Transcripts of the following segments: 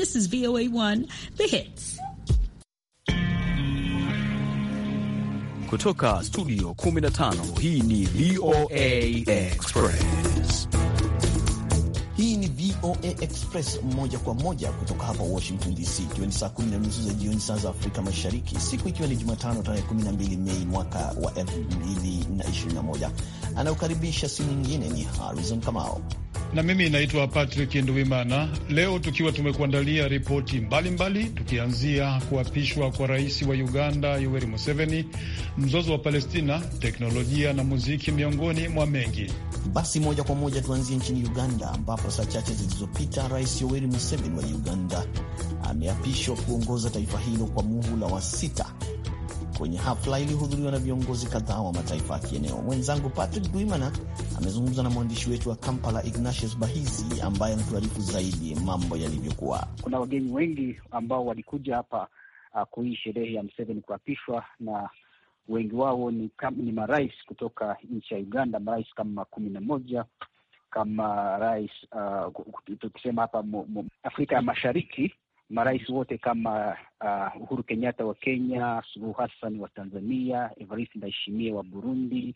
This is VOA1 The Hits. Kutoka studio 15 hii ni VOA Express. Hii ni VOA Express moja kwa moja kutoka hapa Washington DC, ikiwa ni saa kumi na nusu za jioni saa za Afrika Mashariki, siku ikiwa ni Jumatano tarehe 12 Mei mwaka wa 2021. Anayokaribisha si mwingine ni Harrison Kamao na mimi naitwa Patrick Nduwimana. Leo tukiwa tumekuandalia ripoti mbalimbali, tukianzia kuapishwa kwa rais wa Uganda Yoweri Museveni, mzozo wa Palestina, teknolojia na muziki, miongoni mwa mengi. Basi moja kwa moja tuanzie nchini Uganda, ambapo saa chache zilizopita Rais Yoweri Museveni wa Uganda ameapishwa kuongoza taifa hilo kwa muhula wa sita kwenye hafla iliyohudhuriwa na viongozi kadhaa wa mataifa ya kieneo. Mwenzangu Patrick Duimana amezungumza na mwandishi wetu wa Kampala, Ignatius bahizi ambaye anatuarifu zaidi mambo yalivyokuwa. Kuna wageni wengi ambao walikuja hapa uh, kuhii sherehe ya mseveni kuapishwa na wengi wao ni, ni marais kutoka nchi ya Uganda, marais kama kumi na moja kama rais uh, tukisema hapa Afrika ya Mashariki marais wote kama uh, Uhuru Kenyatta wa Kenya, Suluhu Hassan wa Tanzania, Evariste Ndayishimiye wa Burundi,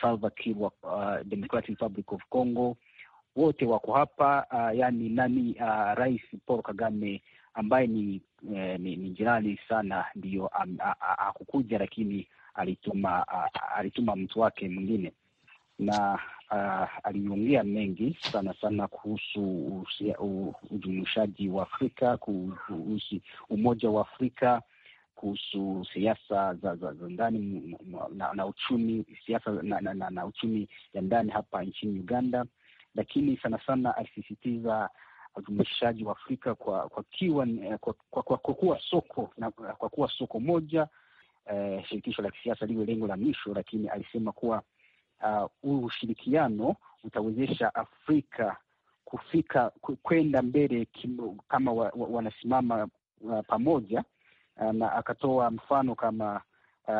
Salva Kiir wa uh, Democratic Republic of Congo, wote wako hapa uh, yani nani uh, Rais Paul Kagame ambaye ni, eh, ni, ni jirani sana ndiyo um, akukuja lakini alituma a, uh, alituma mtu wake mwingine na uh, aliongea mengi sana sana kuhusu ujumuishaji wa Afrika, kuhusu umoja wa Afrika, kuhusu siasa za, za, za ndani na, na uchumi siasa na, na, na, na uchumi ya ndani hapa nchini Uganda, lakini sana sana alisisitiza ujumuishaji wa Afrika kwa kwa, kiwa, kwa, kwa, kwa, kuwa soko na, kwa kuwa soko moja eh, shirikisho la kisiasa liwe lengo la mwisho, lakini alisema kuwa Uh, huu uh, ushirikiano utawezesha Afrika kufika kwenda mbele kim, kama wa, wa, wanasimama uh, pamoja uh, na akatoa mfano kama uh,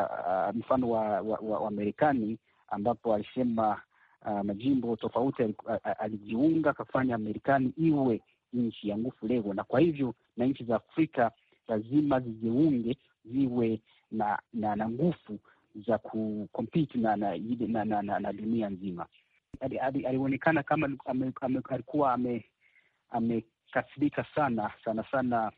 uh mfano wa, wa, wa, wa Marekani ambapo alisema uh, majimbo tofauti alijiunga akafanya Marekani iwe nchi ya nguvu leo, na kwa hivyo na nchi za Afrika lazima zijiunge ziwe na na, na nguvu za kukompiti na na, na, na, na na dunia nzima. Alionekana kama alikuwa ame, amekasirika ame sana sana sana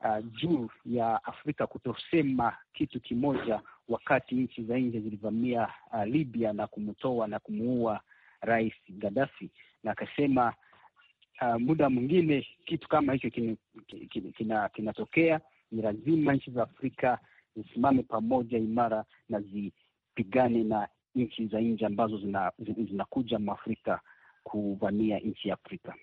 uh, juu ya Afrika kutosema kitu kimoja wakati nchi za nje zilivamia uh, Libya na kumtoa na kumuua Rais Gaddafi, na akasema uh, muda mwingine kitu kama hicho kinatokea, kina, kina, kina ni lazima nchi za Afrika zisimame pamoja imara na zipigane na nchi za nje ambazo zinakuja zina Mwafrika kuvamia nchi ya Afrika.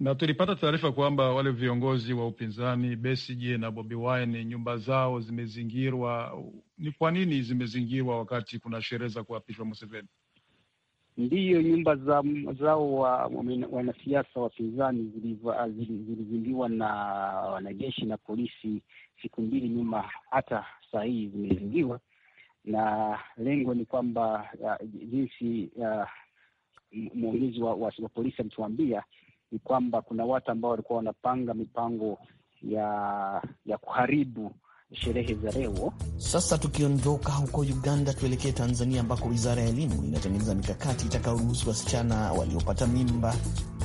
Na tulipata taarifa kwamba wale viongozi wa upinzani Besigye na Bobi Wine nyumba zao zimezingirwa. Ni kwa nini zimezingirwa wakati kuna sherehe za kuapishwa Museveni? ndiyo nyumba za, zao wa, wanasiasa wapinzani zilizingiwa na wanajeshi na polisi siku mbili nyuma, hata saa hii zimezingiwa, na lengo ni kwamba uh, jinsi uh, mwongezi wa, wa, wa polisi alituambia ni kwamba kuna watu ambao walikuwa wanapanga mipango ya ya kuharibu sherehe za REWO. Sasa tukiondoka huko Uganda, tuelekee Tanzania ambako wizara ya elimu inatengeneza mikakati itakayoruhusu wasichana waliopata mimba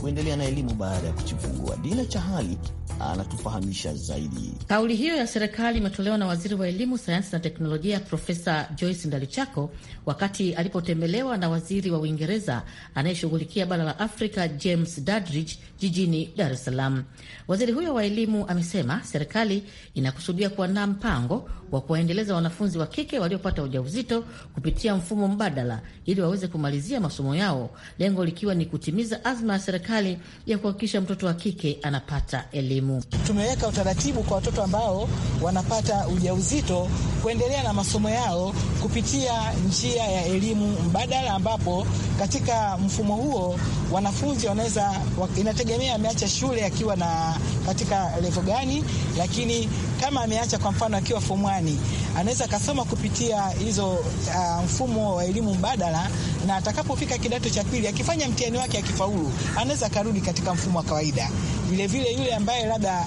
kuendelea na elimu baada ya kujifungua. Dina Chahali anatufahamisha zaidi. Kauli hiyo ya serikali imetolewa na waziri wa elimu, sayansi na teknolojia Profesa Joyce Ndalichako wakati alipotembelewa na waziri wa Uingereza anayeshughulikia bara la Afrika James Dadridge jijini Dar es Salaam. Waziri huyo wa elimu amesema serikali inakusudia kuandaa mpango wa kuwaendeleza wanafunzi wa kike waliopata ujauzito kupitia mfumo mbadala ili waweze kumalizia masomo yao, lengo likiwa ni kutimiza azma ya serikali serikali ya kuhakikisha mtoto wa kike anapata elimu. Tumeweka utaratibu kwa watoto ambao wanapata ujauzito kuendelea na masomo yao kupitia njia ya elimu mbadala, ambapo katika mfumo huo wanafunzi wanaweza, inategemea ameacha shule akiwa na katika levo gani, lakini kama ameacha kwa mfano akiwa form anaweza akasoma kupitia hizo uh, mfumo wa elimu mbadala, na atakapofika kidato cha pili akifanya mtihani wake akifaulu, anaweza akarudi katika mfumo wa kawaida. Vilevile yule ambaye labda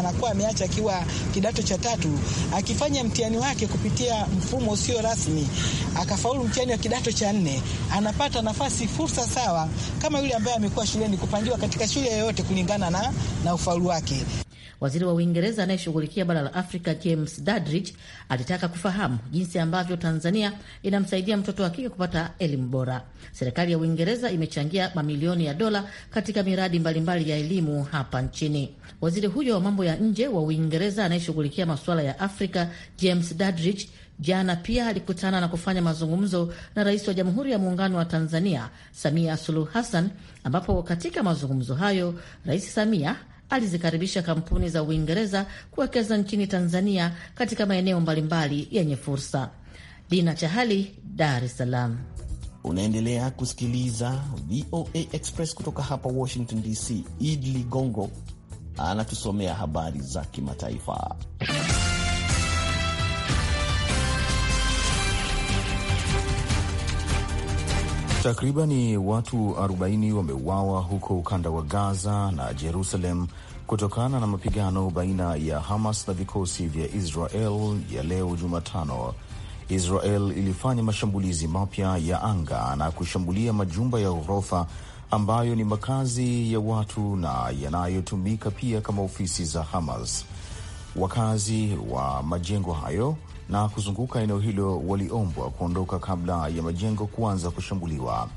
anakuwa ameacha akiwa kidato cha tatu, akifanya mtihani wake kupitia mfumo usio rasmi akafaulu mtihani wa kidato cha nne, anapata nafasi, fursa sawa kama yule ambaye amekuwa shuleni kupangiwa katika shule yoyote kulingana na, na ufaulu wake. Waziri wa Uingereza anayeshughulikia bara la Afrika James Dadrich alitaka kufahamu jinsi ambavyo Tanzania inamsaidia mtoto wa kike kupata elimu bora. Serikali ya Uingereza imechangia mamilioni ya dola katika miradi mbalimbali ya elimu hapa nchini. Waziri huyo wa mambo ya nje wa Uingereza anayeshughulikia masuala ya Afrika James Dadrich jana pia alikutana na kufanya mazungumzo na rais wa Jamhuri ya Muungano wa Tanzania Samia Suluhu Hassan, ambapo katika mazungumzo hayo Rais Samia alizikaribisha kampuni za Uingereza kuwekeza nchini Tanzania katika maeneo mbalimbali yenye fursa. Dina Chahali, Dar es Salaam. Unaendelea kusikiliza VOA Express kutoka hapa Washington DC. Idli Gongo anatusomea habari za kimataifa. Takribani watu 40 wameuawa huko ukanda wa Gaza na Jerusalem kutokana na mapigano baina ya Hamas na vikosi vya Israel ya leo Jumatano. Israel ilifanya mashambulizi mapya ya anga na kushambulia majumba ya ghorofa ambayo ni makazi ya watu na yanayotumika pia kama ofisi za Hamas. Wakazi wa majengo hayo na kuzunguka eneo hilo waliombwa kuondoka kabla ya majengo kuanza kushambuliwa.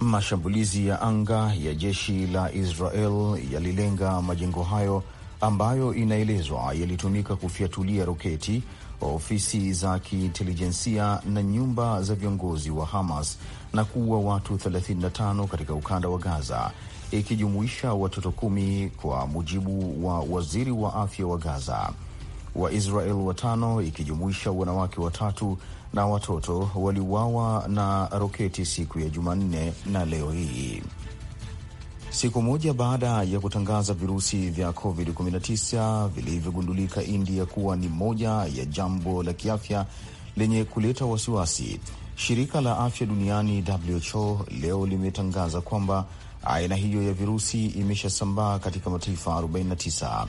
Mashambulizi ya anga ya jeshi la Israel yalilenga majengo hayo ambayo inaelezwa yalitumika kufyatulia roketi, ofisi za kiintelijensia na nyumba za viongozi wa Hamas na kuua watu 35 katika ukanda wa Gaza, ikijumuisha watoto kumi, kwa mujibu wa waziri wa afya wa Gaza wa Israel watano ikijumuisha wanawake watatu na watoto waliuawa na roketi siku ya Jumanne na leo hii siku moja baada ya kutangaza virusi vya COVID-19 vilivyogundulika India kuwa ni moja ya jambo la kiafya lenye kuleta wasiwasi. Shirika la afya duniani WHO leo limetangaza kwamba aina hiyo ya virusi imeshasambaa katika mataifa 49.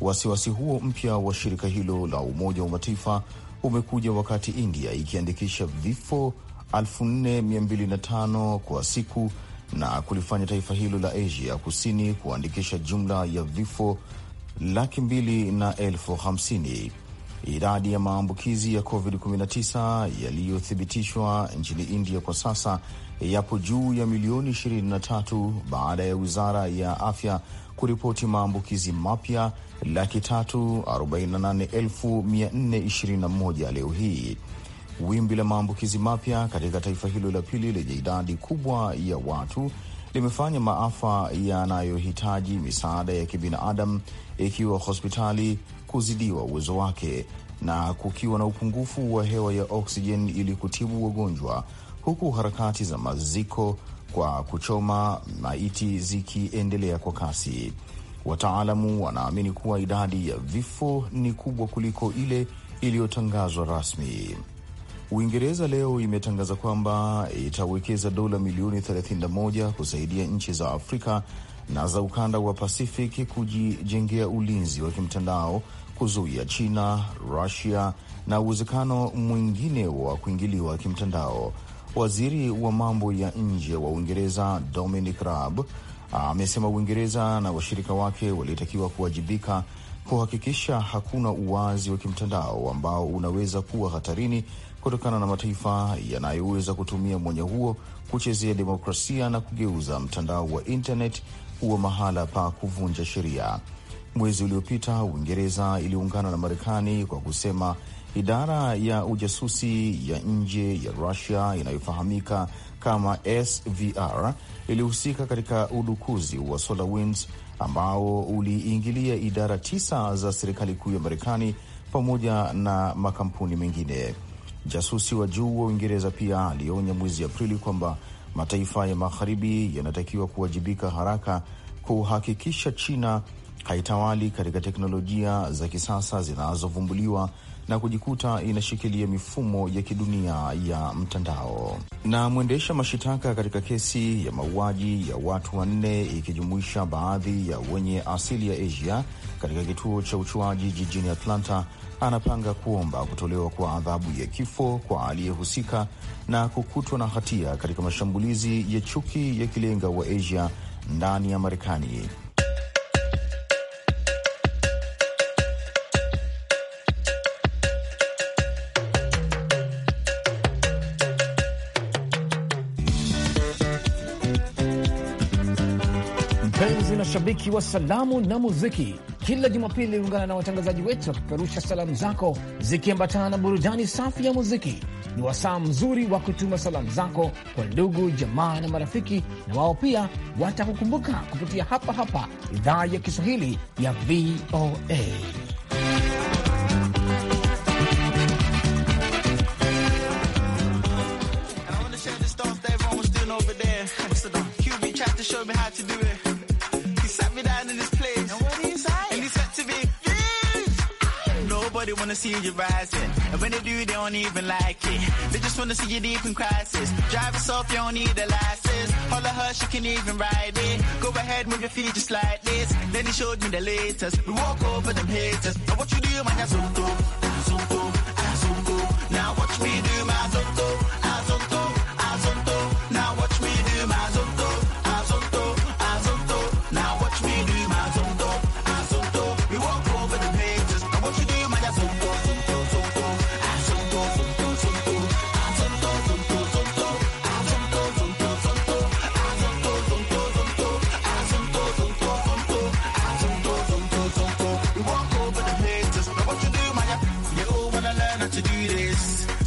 Wasiwasi huo mpya wa shirika hilo la Umoja wa Mataifa umekuja wakati India ikiandikisha vifo 4205 kwa siku na kulifanya taifa hilo la Asia kusini kuandikisha jumla ya vifo laki mbili na elfu hamsini. Idadi ya maambukizi ya COVID-19 yaliyothibitishwa nchini India kwa sasa yapo juu ya milioni 23 baada ya wizara ya afya kuripoti maambukizi mapya laki 348421 leo hii. Wimbi la maambukizi mapya katika taifa hilo la pili lenye idadi kubwa ya watu limefanya maafa yanayohitaji misaada ya kibinadamu, ikiwa hospitali, kuzidiwa uwezo wake na kukiwa na upungufu wa hewa ya oksijeni ili kutibu wagonjwa, huku harakati za maziko kwa kuchoma maiti zikiendelea kwa kasi. Wataalamu wanaamini kuwa idadi ya vifo ni kubwa kuliko ile iliyotangazwa rasmi. Uingereza leo imetangaza kwamba itawekeza dola milioni 31 kusaidia nchi za Afrika na za ukanda wa Pasifiki kujijengea ulinzi wa kimtandao kuzuia China, Rusia na uwezekano mwingine wa kuingiliwa kimtandao. Waziri wa mambo ya nje wa Uingereza Dominic Raab amesema Uingereza na washirika wake walitakiwa kuwajibika kuhakikisha hakuna uwazi wa kimtandao ambao unaweza kuwa hatarini kutokana na mataifa yanayoweza kutumia mwanya huo kuchezea demokrasia na kugeuza mtandao wa intnet kuwa mahala pa kuvunja sheria. Mwezi uliopita Uingereza iliungana na Marekani kwa kusema idara ya ujasusi ya nje ya Rusia inayofahamika kama SVR ilihusika katika udukuzi wa SolarWinds ambao uliingilia idara tisa za serikali kuu ya Marekani pamoja na makampuni mengine. Jasusi wa juu wa Uingereza pia alionya mwezi Aprili kwamba mataifa ya magharibi yanatakiwa kuwajibika haraka kuhakikisha China haitawali katika teknolojia za kisasa zinazovumbuliwa na kujikuta inashikilia mifumo ya kidunia ya mtandao. Na mwendesha mashitaka katika kesi ya mauaji ya watu wanne ikijumuisha baadhi ya wenye asili ya Asia katika kituo cha uchuaji jijini Atlanta anapanga kuomba kutolewa kwa adhabu ya kifo kwa aliyehusika na kukutwa na hatia katika mashambulizi ya chuki ya kilenga wa Asia ndani ya Marekani. na shabiki wa salamu na muziki. Kila Jumapili ungana na watangazaji wetu wakipeperusha salamu zako zikiambatana na burudani safi ya muziki. Ni wasaa mzuri wa kutuma salamu zako kwa ndugu, jamaa na marafiki, na wao pia watakukumbuka kupitia hapa hapa idhaa ya Kiswahili ya VOA. wanna see you rising. And when they do, they don't even like it. They just wanna see you deep in crisis. Drive yourself, you don't need a license. the her, she can even ride it. Go ahead, move your feet just like this. Then he showed me the latest. We walk over them haters. Now what you do, man, that's so cool. So cool, so cool. Now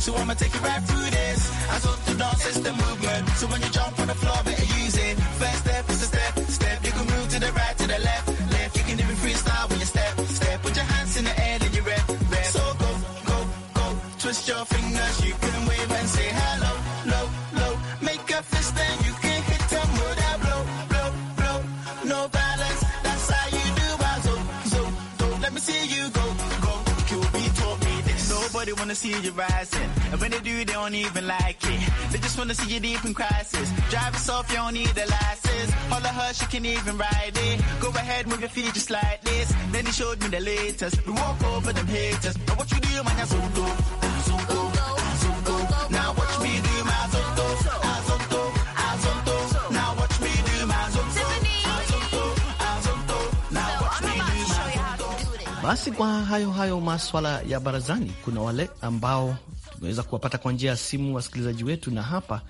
So I'ma take you right through this. I thought the dance is the movement. So when you jump on the floor, better use it. First step is a step, step. You can move to the right, to the left, left. You can even freestyle when you step, step. Put your hands in the air, then you rep, rep. So go, go, go. Twist your fingers, you can wave and say hello, low, low. Make a fist, then you can hit them with that blow, blow, blow. No balance, that's how you do. I zo, zo, do. Let me see you go, go. QB taught me this. Nobody wanna see you rising. And when they do, they don't even like it. They just wanna see you deep in crisis. Drive us off, you don't need the license. All of her, she can even ride it. Go ahead, move your feet just like this. Then he showed me the latest. We walk over them haters. Now what you do, man, so go, so go, so go. Now watch me do my zonto, azonto, azonto. Now watch me do my zonto, azonto, azonto. Now watch me do my zonto. Basi kwa hayo hayo maswala ya barazani, kuna wale ambao Tumeweza kuwapata kwa njia ya simu wasikilizaji wetu, na hapa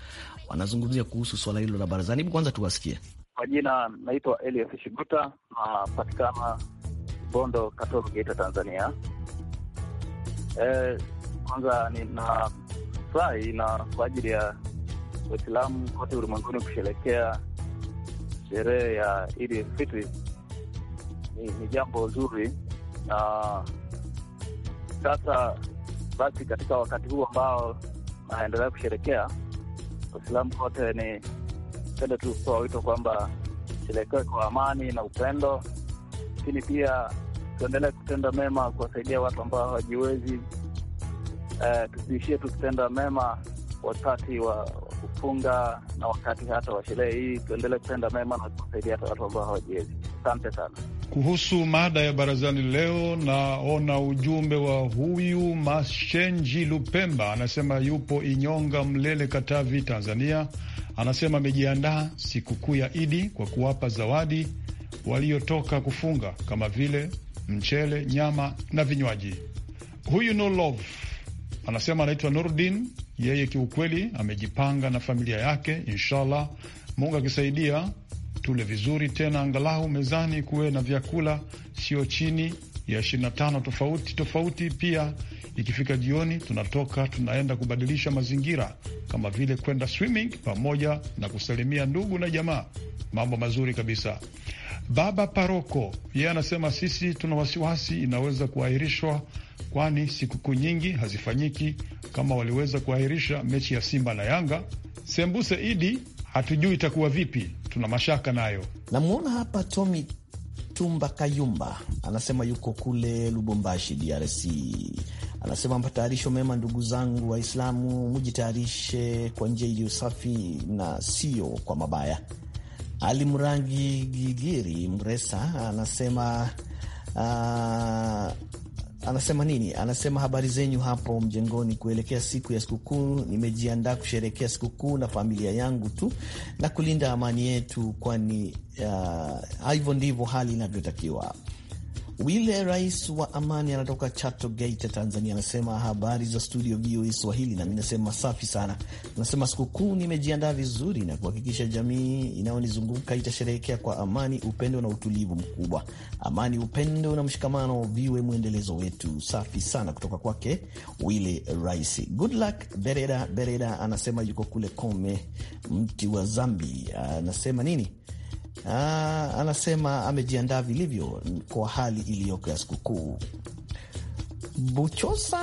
wanazungumzia kuhusu swala hilo la barazani. Hebu kwanza tuwasikie. Kwa jina naitwa Elias Shiguta, napatikana Bondo, Katoro, Geita, Tanzania. E, nina furahi na kwa ajili ya Waislamu kote ulimwenguni kusherekea sherehe ya Idi Fitri ni, ni jambo zuri na sasa basi katika wakati huu ambao anaendelea kusherekea Waislamu wote, ni pende tu kutoa wito kwamba sherekewe kwa amani na upendo, lakini pia tuendelee kutenda mema, kuwasaidia watu ambao hawajiwezi. Eh, tusiishie tu kutenda mema wakati wa kufunga na wakati hata wa sherehe hii, tuendelee kutenda mema na kuwasaidia hata watu ambao hawajiwezi. Asante sana. Kuhusu mada ya barazani leo, naona ujumbe wa huyu Mashenji Lupemba, anasema yupo Inyonga, Mlele, Katavi, Tanzania. Anasema amejiandaa sikukuu ya Idi kwa kuwapa zawadi waliotoka kufunga kama vile mchele, nyama na vinywaji. Huyu no love anasema anaitwa Nurdin. Yeye kiukweli amejipanga na familia yake, inshallah Mungu akisaidia tule vizuri tena, angalau mezani kuwe na vyakula sio chini ya 25 tofauti tofauti. Pia ikifika jioni, tunatoka tunaenda kubadilisha mazingira kama vile kwenda swimming pamoja na kusalimia ndugu na jamaa, mambo mazuri kabisa. Baba Paroko yeye anasema sisi tuna wasiwasi inaweza kuahirishwa, kwani sikukuu nyingi hazifanyiki kama waliweza kuahirisha mechi ya Simba na Yanga. Sembuse Idi hatujui itakuwa vipi, tuna mashaka nayo. Namwona hapa Tommy Tumba Kayumba anasema yuko kule Lubumbashi, DRC. Anasema matayarisho mema, ndugu zangu Waislamu, mujitayarishe kwa njia iliyo safi na sio kwa mabaya. Ali Mrangi Gigiri Mresa anasema uh, anasema nini? Anasema habari zenyu hapo mjengoni. Kuelekea siku ya sikukuu, nimejiandaa kusherekea sikukuu na familia yangu tu na kulinda amani yetu, kwani uh, hivyo uh, ndivyo hali inavyotakiwa. Wile Rais wa Amani anatoka Chato Geita, Tanzania, anasema habari za studio VOA Swahili, nami nasema safi sana. Anasema sikukuu nimejiandaa vizuri na kuhakikisha jamii inayonizunguka itasherehekea kwa amani, upendo na utulivu mkubwa. Amani, upendo na mshikamano viwe mwendelezo wetu. Safi sana kutoka kwake Wile Rais. Good luck Bereda. Bereda anasema yuko kule Kome, mti wa Zambi. Anasema nini? Uh, anasema amejiandaa vilivyo kwa hali iliyoko ya sikukuu. Buchosa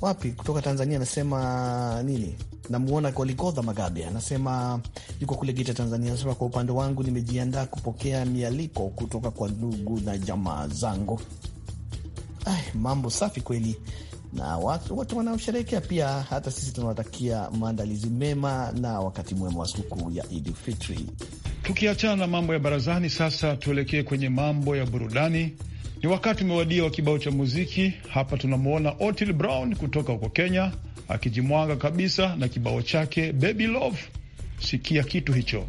wapi kutoka Tanzania anasema nini? Namuona Kolikodha Magabe anasema yuko kule Geita, Tanzania. Anasema kwa upande wangu nimejiandaa kupokea mialiko kutoka kwa ndugu na jamaa zangu. Ay, mambo safi kweli, na watu wote wanaosherehekea. Pia hata sisi tunawatakia maandalizi mema na wakati mwema wa sikukuu ya Idul Fitri. Tukiachana na mambo ya barazani, sasa tuelekee kwenye mambo ya burudani. Ni wakati umewadia wa kibao cha muziki. Hapa tunamwona otil Brown kutoka huko Kenya akijimwanga kabisa na kibao chake Baby Love. Sikia kitu hicho.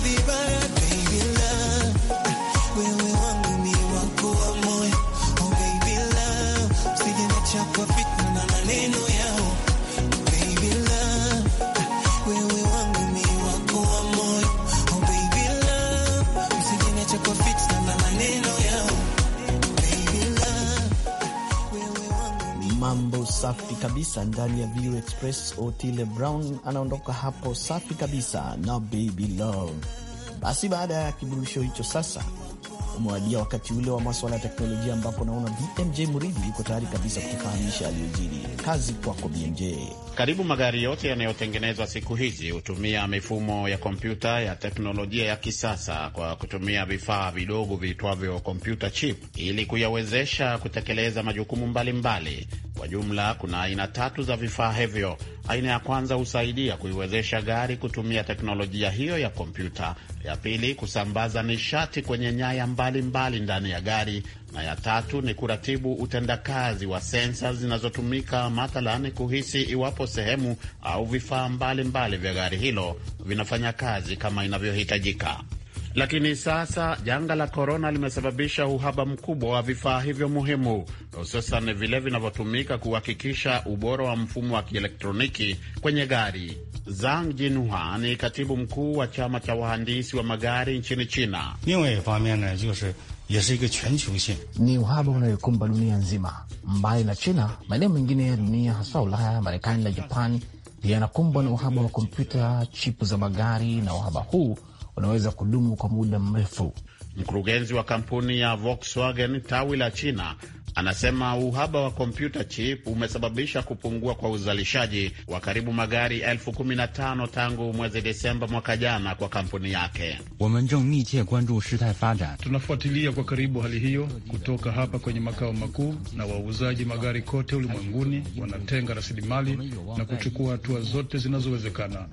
Viva safi kabisa ndani ya View Express. Otile Brown anaondoka hapo safi kabisa na Baby Love. Basi baada ya kiburusho hicho, sasa umewadia wakati ule wa maswala ya teknolojia, ambapo naona BMJ Muridhi yuko tayari kabisa kutufahamisha aliyojiri. Kazi kwako BMJ. Karibu magari yote yanayotengenezwa siku hizi hutumia mifumo ya kompyuta ya teknolojia ya kisasa kwa kutumia vifaa vidogo viitwavyo kompyuta chip ili kuyawezesha kutekeleza majukumu mbalimbali mbali. Kwa jumla kuna aina tatu za vifaa hivyo. Aina ya kwanza husaidia kuiwezesha gari kutumia teknolojia hiyo ya kompyuta. Ya pili, kusambaza nishati kwenye nyaya mbalimbali mbali ndani ya gari na ya tatu ni kuratibu utendakazi wa sensa zinazotumika mathalan kuhisi iwapo sehemu au vifaa mbalimbali vya gari hilo vinafanya kazi kama inavyohitajika. Lakini sasa janga la korona limesababisha uhaba mkubwa wa vifaa hivyo muhimu, hususan vile vinavyotumika kuhakikisha ubora wa mfumo wa kielektroniki kwenye gari. Zhang Jinhua ni katibu mkuu wa chama cha wahandisi wa magari nchini China ni uhaba unayokumba dunia nzima. Mbali na China, maeneo mengine ya dunia hasa Ulaya, Marekani na Japan pia yanakumbwa na uhaba wa kompyuta, chipu za magari, na uhaba huu unaweza kudumu kwa muda mrefu. Mkurugenzi wa kampuni ya Volkswagen tawi la China Anasema uhaba wa kompyuta chip umesababisha kupungua kwa uzalishaji wa karibu magari elfu kumi na tano tangu mwezi Desemba mwaka jana kwa kampuni yake. Tunafuatilia kwa karibu hali hiyo kutoka hapa kwenye makao makuu, na wauzaji magari kote ulimwenguni wanatenga rasilimali na kuchukua hatua zote zinazowezekana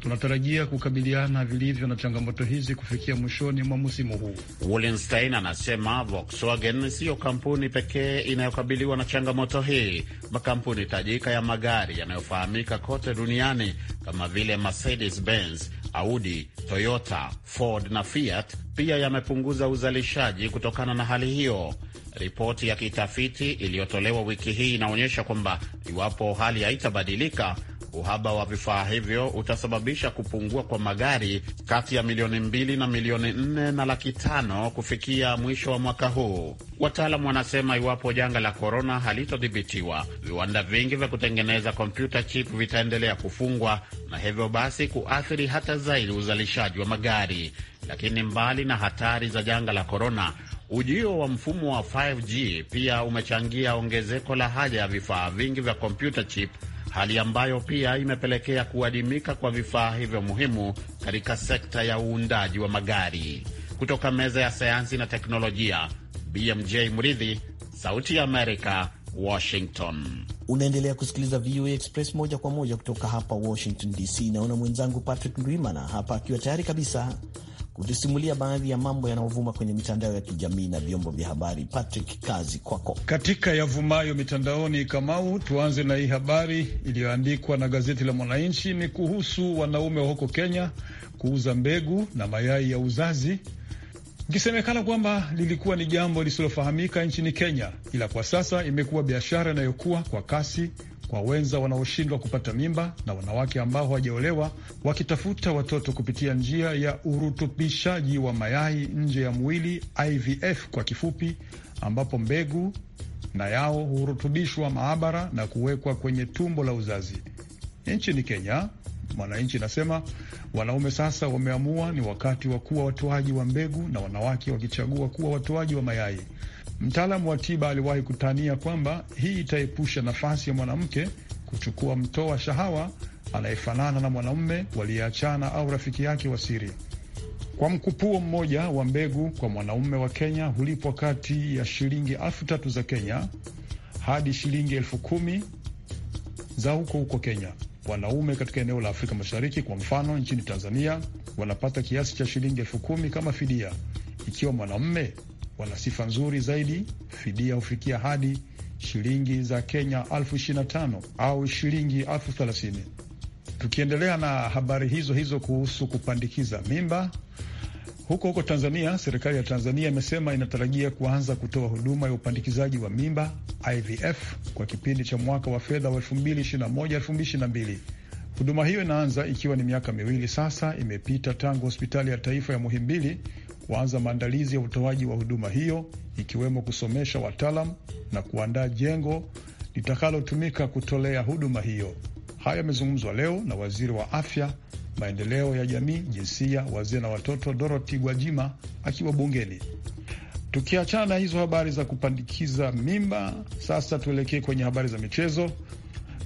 Tunatarajia kukabiliana vilivyo na changamoto hizi kufikia mwishoni mwa msimu huu. Wolenstein anasema Volkswagen siyo kampuni pekee inayokabiliwa na changamoto hii. Makampuni tajika ya magari yanayofahamika kote duniani kama vile Mercedes Benz, Audi, Toyota, Ford na Fiat pia yamepunguza uzalishaji kutokana na hali hiyo. Ripoti ya kitafiti iliyotolewa wiki hii inaonyesha kwamba iwapo hali haitabadilika Uhaba wa vifaa hivyo utasababisha kupungua kwa magari kati ya milioni mbili na milioni nne na laki tano kufikia mwisho wa mwaka huu. Wataalamu wanasema iwapo janga la korona halitodhibitiwa, viwanda vingi vya kutengeneza kompyuta chip vitaendelea kufungwa na hivyo basi kuathiri hata zaidi uzalishaji wa magari. Lakini mbali na hatari za janga la korona, ujio wa mfumo wa 5G pia umechangia ongezeko la haja ya vifaa vingi vya kompyuta chip hali ambayo pia imepelekea kuadimika kwa vifaa hivyo muhimu katika sekta ya uundaji wa magari. Kutoka meza ya sayansi na teknolojia, BMJ Mridhi, Sauti ya Amerika, Washington. Unaendelea kusikiliza VOA Express moja kwa moja kutoka hapa Washington DC. Naona mwenzangu Patrick Ndwimana hapa akiwa tayari kabisa kutusimulia baadhi ya mambo yanayovuma kwenye mitandao ya kijamii na vyombo vya habari. Patrick, kazi kwako katika yavumayo mitandaoni. Kamau, tuanze na hii habari iliyoandikwa na gazeti la Mwananchi. Ni kuhusu wanaume wa huko Kenya kuuza mbegu na mayai ya uzazi ikisemekana kwamba lilikuwa ni jambo lisilofahamika nchini Kenya, ila kwa sasa imekuwa biashara inayokuwa kwa kasi kwa wenza wanaoshindwa kupata mimba na wanawake ambao hawajaolewa wakitafuta watoto kupitia njia ya urutubishaji wa mayai nje ya mwili, IVF kwa kifupi, ambapo mbegu na yao hurutubishwa maabara na kuwekwa kwenye tumbo la uzazi. Nchini Kenya, Mwananchi nasema wanaume sasa wameamua ni wakati wa kuwa watoaji wa mbegu na wanawake wakichagua kuwa watoaji wa mayai. Mtaalamu wa tiba aliwahi kutania kwamba hii itaepusha nafasi ya mwanamke kuchukua mtoa shahawa anayefanana na mwanaume waliyeachana au rafiki yake wa siri. Kwa mkupuo mmoja wa mbegu kwa mwanaume wa Kenya hulipwa kati ya shilingi elfu tatu za Kenya hadi shilingi elfu kumi za huko huko Kenya. Wanaume katika eneo la Afrika Mashariki, kwa mfano nchini Tanzania, wanapata kiasi cha shilingi elfu kumi kama fidia. Ikiwa mwanaume wana sifa nzuri zaidi, fidia hufikia hadi shilingi za Kenya elfu ishirini na tano au shilingi elfu thelathini. Tukiendelea na habari hizo hizo kuhusu kupandikiza mimba huko huko Tanzania, serikali ya Tanzania imesema inatarajia kuanza kutoa huduma ya upandikizaji wa mimba IVF kwa kipindi cha mwaka wa fedha wa 2021-2022. Huduma hiyo inaanza ikiwa ni miaka miwili sasa imepita tangu hospitali ya taifa ya Muhimbili kuanza maandalizi ya utoaji wa huduma hiyo ikiwemo kusomesha wataalam na kuandaa jengo litakalotumika kutolea huduma hiyo. Hayo yamezungumzwa leo na waziri wa afya, maendeleo ya jamii, jinsia, wazee na watoto Dorothy Gwajima akiwa bungeni. Tukiachana na hizo habari za kupandikiza mimba, sasa tuelekee kwenye habari za michezo.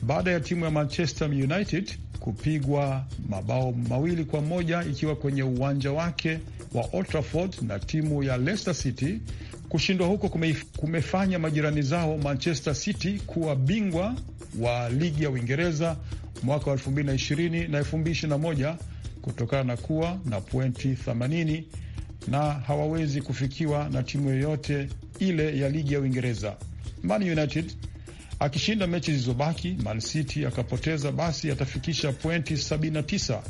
Baada ya timu ya Manchester United kupigwa mabao mawili kwa moja ikiwa kwenye uwanja wake wa Old Trafford na timu ya Leicester City. Kushindwa huko kume, kumefanya majirani zao Manchester City kuwa bingwa wa ligi ya Uingereza mwaka wa 2020 na 2021 kutokana na kuwa na pointi 80 na hawawezi kufikiwa na timu yoyote ile ya ligi ya Uingereza. Man United Akishinda mechi zilizobaki, Man City akapoteza, basi atafikisha pointi 79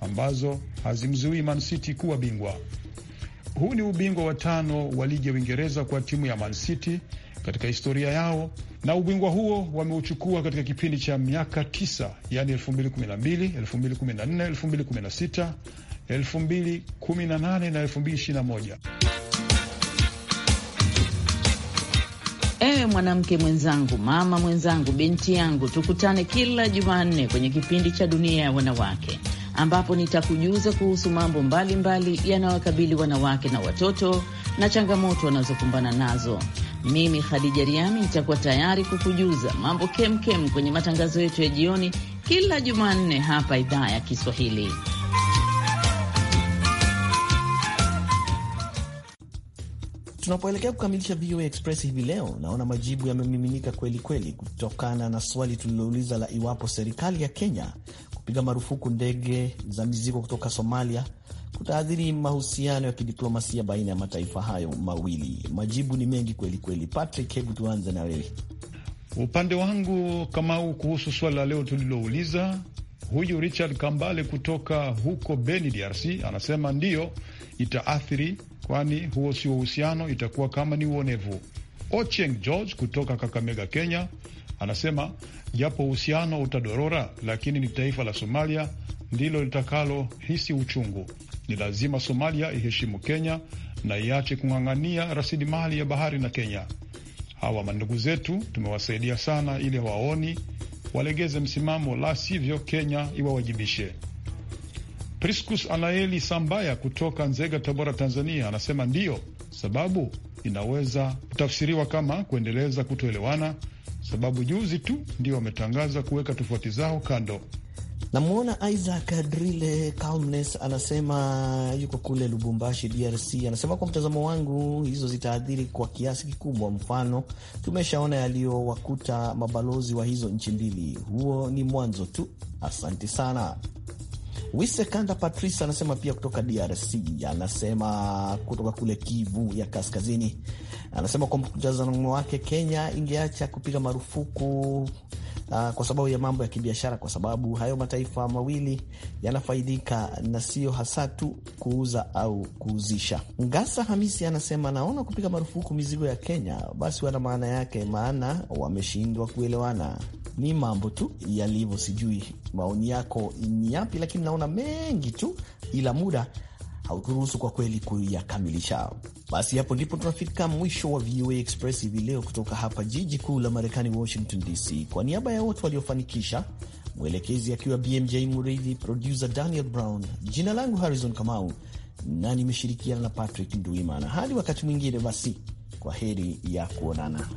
ambazo hazimzuii Man City kuwa bingwa. Huu ni ubingwa wa tano wa ligi ya Uingereza kwa timu ya Man City katika historia yao, na ubingwa huo wameuchukua katika kipindi cha miaka tisa, yani 2012, 2014, 2016, 2018 na 2021. Wewe mwanamke mwenzangu, mama mwenzangu, binti yangu, tukutane kila Jumanne kwenye kipindi cha Dunia ya Wanawake ambapo nitakujuza kuhusu mambo mbalimbali yanayowakabili wanawake na watoto na changamoto wanazokumbana nazo. Mimi Khadija Riami nitakuwa tayari kukujuza mambo kemkem kwenye matangazo yetu ya jioni kila Jumanne hapa idhaa ya Kiswahili. Tunapoelekea kukamilisha VOA Express hivi leo, naona majibu yamemiminika kweli kweli, kutokana na swali tulilouliza la iwapo serikali ya Kenya kupiga marufuku ndege za mizigo kutoka Somalia kutaathiri mahusiano ya kidiplomasia baina ya mataifa hayo mawili. Majibu ni mengi kweli kweli. Patrick, hebu tuanze na wewe. Upande wangu Kamau, kuhusu swala la leo tulilouliza Huyu Richard Kambale kutoka huko Beni, DRC, anasema ndiyo itaathiri, kwani huo sio uhusiano, itakuwa kama ni uonevu. Ocheng George kutoka Kakamega, Kenya, anasema japo uhusiano utadorora, lakini ni taifa la Somalia ndilo litakalohisi uchungu. Ni lazima Somalia iheshimu Kenya na iache kung'ang'ania rasilimali ya bahari na Kenya. Hawa mandugu zetu tumewasaidia sana, ili hawaoni walegeze msimamo, la sivyo Kenya iwawajibishe. Priscus Anaeli Sambaya kutoka Nzega, Tabora, Tanzania, anasema ndiyo, sababu inaweza kutafsiriwa kama kuendeleza kutoelewana, sababu juzi tu ndio wametangaza kuweka tofauti zao kando. Namwona Isaac Drile Calmnes anasema yuko kule Lubumbashi, DRC. Anasema kwa mtazamo wangu, hizo zitaathiri kwa kiasi kikubwa. Mfano, tumeshaona yaliyowakuta mabalozi wa hizo nchi mbili. Huo ni mwanzo tu. asanti sana. Wisekanda Patrice anasema pia kutoka DRC, anasema kutoka kule Kivu ya Kaskazini. Anasema kwa mtazamo wake, Kenya ingeacha kupiga marufuku Ah, kwa sababu ya mambo ya kibiashara, kwa sababu hayo mataifa mawili yanafaidika na sio hasa tu kuuza au kuuzisha. Ngasa Hamisi anasema naona kupiga marufuku mizigo ya Kenya basi wana maana yake, maana wameshindwa kuelewana. Ni mambo tu yalivyo, sijui maoni yako ni yapi, lakini naona mengi tu, ila muda haukuruhusu kwa kweli kuyakamilisha. Basi hapo ndipo tunafika mwisho wa VOA Express hivi leo, kutoka hapa jiji kuu la Marekani, Washington DC. Kwa niaba ya wote waliofanikisha, mwelekezi akiwa BMJ Muridhi, producer Daniel Brown, jina langu Harrison Kamau na nimeshirikiana na Patrick Nduimana. Hadi wakati mwingine, basi kwa heri ya kuonana.